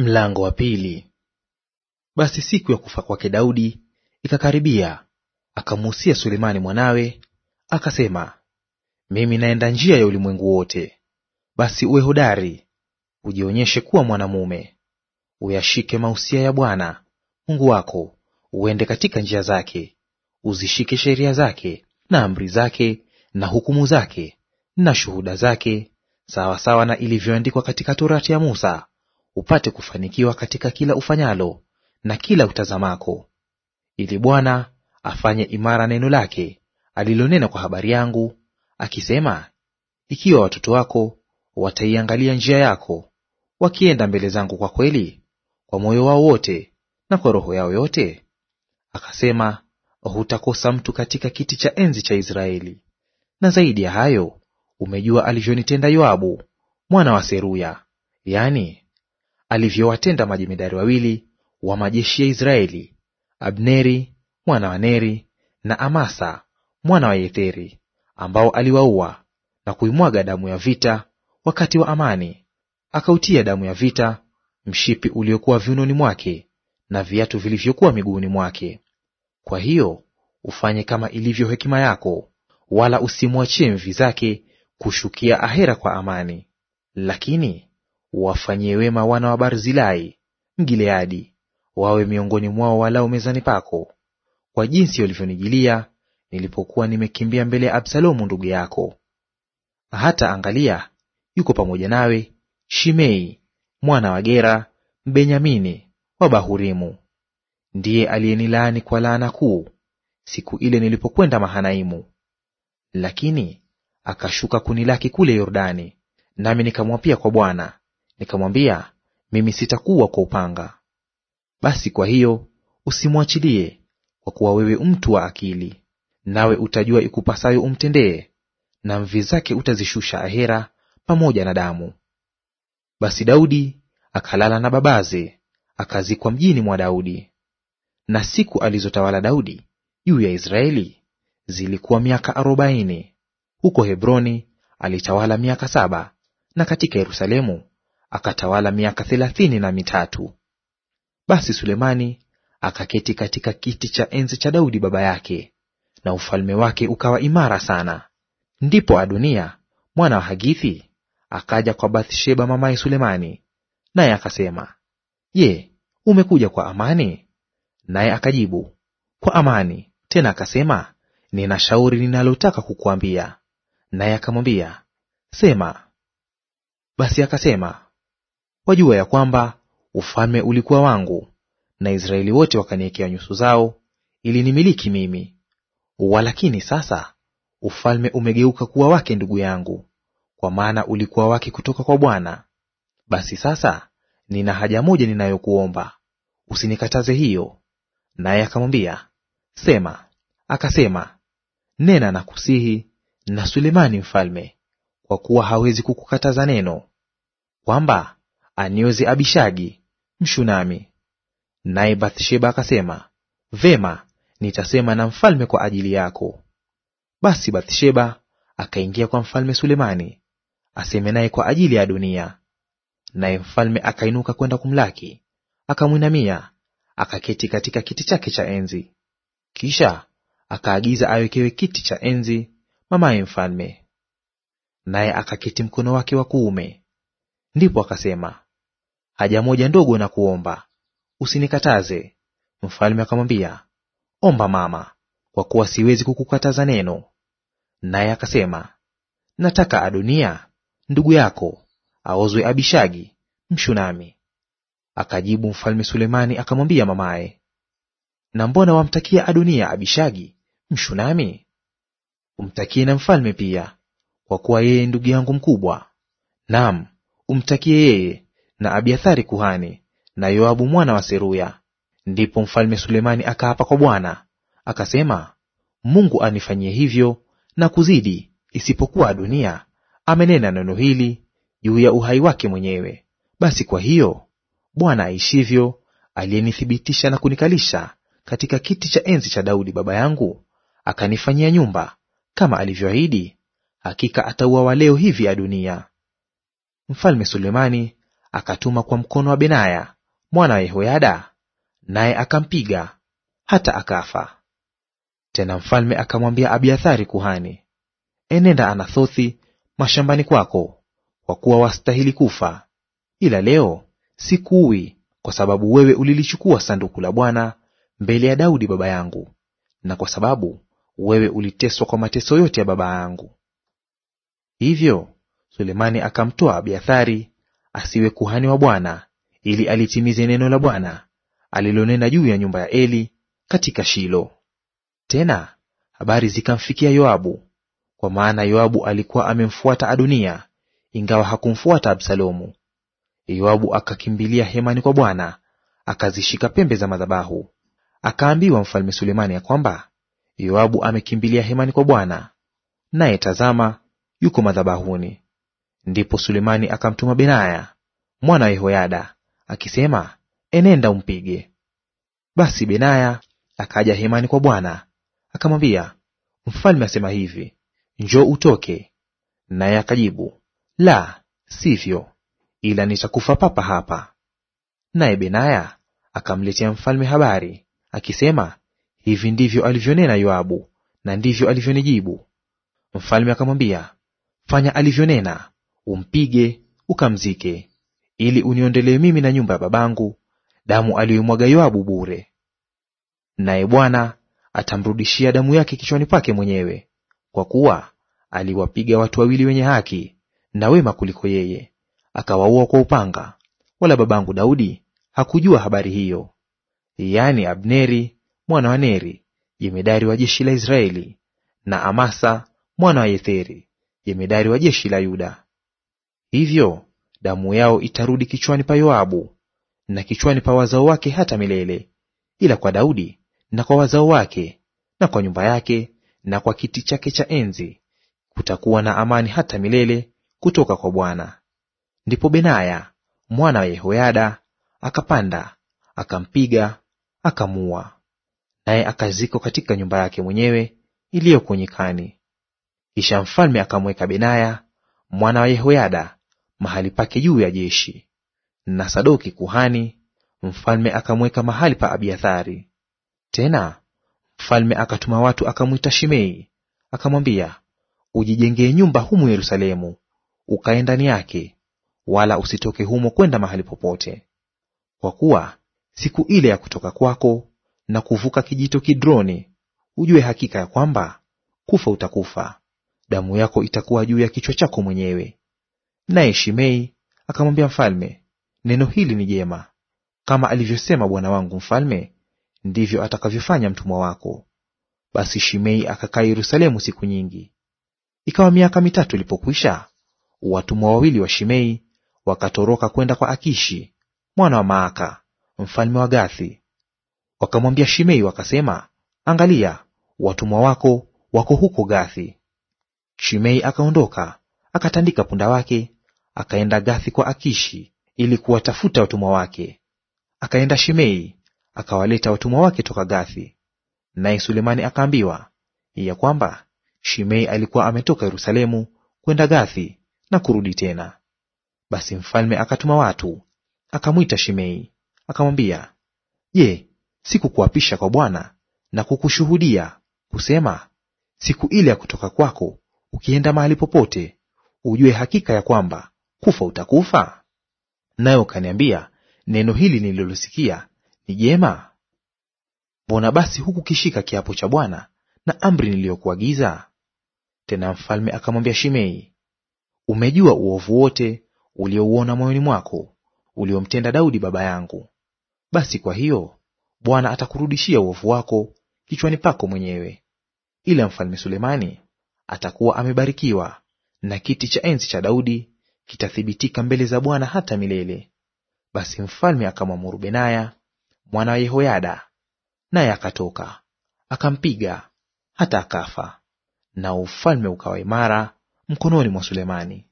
Mlango wa pili. Basi siku ya kufa kwake Daudi ikakaribia, akamuhusia Sulemani mwanawe akasema, mimi naenda njia ya ulimwengu wote. Basi uwe hodari, ujionyeshe kuwa mwanamume, uyashike mausia ya Bwana Mungu wako, uende katika njia zake, uzishike sheria zake na amri zake na hukumu zake na shuhuda zake, sawasawa na ilivyoandikwa katika torati ya Musa upate kufanikiwa katika kila ufanyalo na kila utazamako, ili Bwana afanye imara neno lake alilonena kwa habari yangu, akisema, ikiwa watoto wako wataiangalia njia yako, wakienda mbele zangu kwa kweli, kwa moyo wao wote na kwa roho yao yote, akasema, hutakosa mtu katika kiti cha enzi cha Israeli. Na zaidi ya hayo, umejua alivyonitenda Yoabu mwana wa Seruya, yani alivyowatenda majemadari wawili wa majeshi ya Israeli, Abneri mwana wa Neri na Amasa mwana wa Yetheri, ambao aliwaua na kuimwaga damu ya vita wakati wa amani, akautia damu ya vita mshipi uliokuwa viunoni mwake na viatu vilivyokuwa miguuni mwake. Kwa hiyo ufanye kama ilivyo hekima yako, wala usimwachie mvi zake kushukia ahera kwa amani. Lakini uwafanyie wema wana wa Barzilai Mgileadi, wawe miongoni mwao walao mezani pako, kwa jinsi walivyonijilia nilipokuwa nimekimbia mbele ya Absalomu ndugu yako. Hata angalia, yuko pamoja nawe Shimei mwana wa Gera Mbenyamini wa Bahurimu, ndiye aliyenilaani kwa laana kuu siku ile nilipokwenda Mahanaimu. Lakini akashuka kunilaki kule Yordani, nami nikamwapia kwa Bwana Nikamwambia, mimi sitakuwa kwa upanga. Basi kwa hiyo usimwachilie, kwa kuwa wewe mtu wa akili, nawe utajua ikupasayo umtendee, na mvi zake utazishusha ahera pamoja na damu. Basi Daudi akalala na babaze, akazikwa mjini mwa Daudi. Na siku alizotawala Daudi juu ya Israeli zilikuwa miaka arobaini. Huko Hebroni alitawala miaka saba, na katika Yerusalemu akatawala miaka thelathini na mitatu. Basi Sulemani akaketi katika kiti cha enzi cha Daudi baba yake, na ufalme wake ukawa imara sana. Ndipo Adunia mwana wa Hagithi akaja kwa Bathsheba mamaye Sulemani, naye akasema, Je, umekuja kwa amani? Naye akajibu, kwa amani. Tena akasema, nina shauri ninalotaka kukuambia. Naye akamwambia, sema. Basi akasema, wajua ya kwamba ufalme ulikuwa wangu, na Israeli wote wakaniekea nyuso zao ili nimiliki mimi. Walakini sasa ufalme umegeuka kuwa wake ndugu yangu, kwa maana ulikuwa wake kutoka kwa Bwana. Basi sasa nina haja moja ninayokuomba, usinikataze hiyo. Naye akamwambia sema. Akasema, nena na kusihi na Sulemani mfalme, kwa kuwa hawezi kukukataza neno, kwamba anioze Abishagi Mshunami. Naye Bathsheba akasema, vema, nitasema na mfalme kwa ajili yako. Basi Bathsheba akaingia kwa mfalme Sulemani aseme naye kwa ajili ya dunia Naye mfalme akainuka kwenda kumlaki, akamwinamia, akaketi katika kiti chake cha enzi. Kisha akaagiza awekewe kiti cha enzi mamaye mfalme, naye akaketi mkono wake wa kuume. Ndipo akasema, haja moja ndogo na kuomba, usinikataze. Mfalme akamwambia, omba mama, kwa kuwa siwezi kukukataza neno. Naye akasema, nataka Adonia ndugu yako aozwe Abishagi Mshunami. Akajibu mfalme Sulemani akamwambia mamaye, na mbona wamtakia Adonia Abishagi Mshunami? Umtakie na mfalme pia, kwa kuwa yeye ndugu yangu mkubwa. Naam, umtakie yeye na Abiathari kuhani na Yoabu mwana wa Seruya. Ndipo mfalme Sulemani akaapa kwa Bwana akasema, Mungu anifanyie hivyo na kuzidi, isipokuwa Adunia amenena neno hili juu ya uhai wake mwenyewe. Basi kwa hiyo Bwana aishivyo, aliyenithibitisha na kunikalisha katika kiti cha enzi cha Daudi baba yangu, akanifanyia nyumba kama alivyoahidi, hakika atauawa leo hivi Adunia. Mfalme Sulemani akatuma kwa mkono wa Benaya mwana wa Yehoyada, naye akampiga hata akafa. Tena mfalme akamwambia Abiathari kuhani, enenda Anathothi mashambani kwako, kwa kuwa wastahili kufa, ila leo sikuui, kwa sababu wewe ulilichukua sanduku la Bwana mbele ya Daudi baba yangu, na kwa sababu wewe uliteswa kwa mateso yote ya baba yangu. Hivyo Sulemani akamtoa Abiathari asiwe kuhani wa Bwana, ili alitimize neno la Bwana alilonena juu ya nyumba ya Eli katika Shilo. Tena habari zikamfikia Yoabu, kwa maana Yoabu alikuwa amemfuata Adonia, ingawa hakumfuata Absalomu. Yoabu akakimbilia hemani kwa Bwana, akazishika pembe za madhabahu. Akaambiwa mfalme Sulemani ya kwamba Yoabu amekimbilia hemani kwa Bwana, naye tazama, yuko madhabahuni. Ndipo Sulemani akamtuma Benaya mwana wa Yehoyada akisema, enenda umpige. Basi Benaya akaja hemani kwa Bwana akamwambia, mfalme asema hivi, njoo utoke. Naye akajibu, la sivyo, ila nitakufa papa hapa. Naye Benaya akamletea mfalme habari akisema, hivi ndivyo alivyonena Yoabu na ndivyo alivyonijibu. Mfalme akamwambia, fanya alivyonena, umpige ukamzike, ili uniondolee mimi na nyumba ya babangu damu aliyoimwaga Yoabu bure. Naye Bwana atamrudishia damu yake kichwani pake mwenyewe, kwa kuwa aliwapiga watu wawili wenye haki na wema kuliko yeye, akawaua kwa upanga, wala babangu Daudi hakujua habari hiyo, yaani Abneri mwana wa Neri, jemedari wa jeshi la Israeli, na Amasa mwana wa Yetheri, jemedari wa jeshi la Yuda. Hivyo damu yao itarudi kichwani pa Yoabu na kichwani pa wazao wake hata milele, ila kwa Daudi na kwa wazao wake na kwa nyumba yake na kwa kiti chake cha enzi kutakuwa na amani hata milele kutoka kwa Bwana. Ndipo Benaya mwana wa Yehoyada akapanda akampiga akamua naye akazikwa katika nyumba yake mwenyewe iliyoko nyikani. Kisha mfalme akamweka Benaya mwana wa Yehoyada mahali pake juu ya jeshi, na Sadoki kuhani mfalme akamweka mahali pa Abiathari. Tena mfalme akatuma watu akamwita Shimei akamwambia, Ujijengee nyumba humu Yerusalemu, ukae ndani yake, wala usitoke humo kwenda mahali popote, kwa kuwa siku ile ya kutoka kwako na kuvuka kijito Kidroni, ujue hakika ya kwamba kufa utakufa, damu yako itakuwa juu ya kichwa chako mwenyewe. Naye Shimei akamwambia mfalme, neno hili ni jema. Kama alivyosema bwana wangu mfalme, ndivyo atakavyofanya mtumwa wako. Basi Shimei akakaa Yerusalemu siku nyingi. Ikawa miaka mitatu ilipokwisha, watumwa wawili wa Shimei wakatoroka kwenda kwa Akishi mwana wa Maaka mfalme wa Gathi. Wakamwambia Shimei wakasema, angalia, watumwa wako wako huko Gathi. Shimei akaondoka akatandika punda wake, akaenda Gathi kwa Akishi ili kuwatafuta watumwa wake. Akaenda Shimei akawaleta watumwa wake toka Gathi. Naye Sulemani akaambiwa ya kwamba Shimei alikuwa ametoka Yerusalemu kwenda Gathi na kurudi tena. Basi mfalme akatuma watu akamwita Shimei akamwambia, Je, sikukuapisha kwa Bwana na kukushuhudia kusema, siku ile ya kutoka kwako ukienda mahali popote ujue hakika ya kwamba kufa utakufa? Naye ukaniambia, neno hili nililosikia ni jema. Mbona basi hukukishika kiapo cha Bwana na amri niliyokuagiza? Tena mfalme akamwambia Shimei, umejua uovu wote uliouona moyoni mwako uliomtenda Daudi baba yangu. Basi kwa hiyo Bwana atakurudishia uovu wako kichwani pako mwenyewe, ila mfalme Sulemani atakuwa amebarikiwa na kiti cha enzi cha Daudi kitathibitika mbele za Bwana hata milele. Basi mfalme akamwamuru Benaya mwana wa Yehoyada, naye akatoka akampiga hata akafa, na ufalme ukawa imara mkononi mwa Sulemani.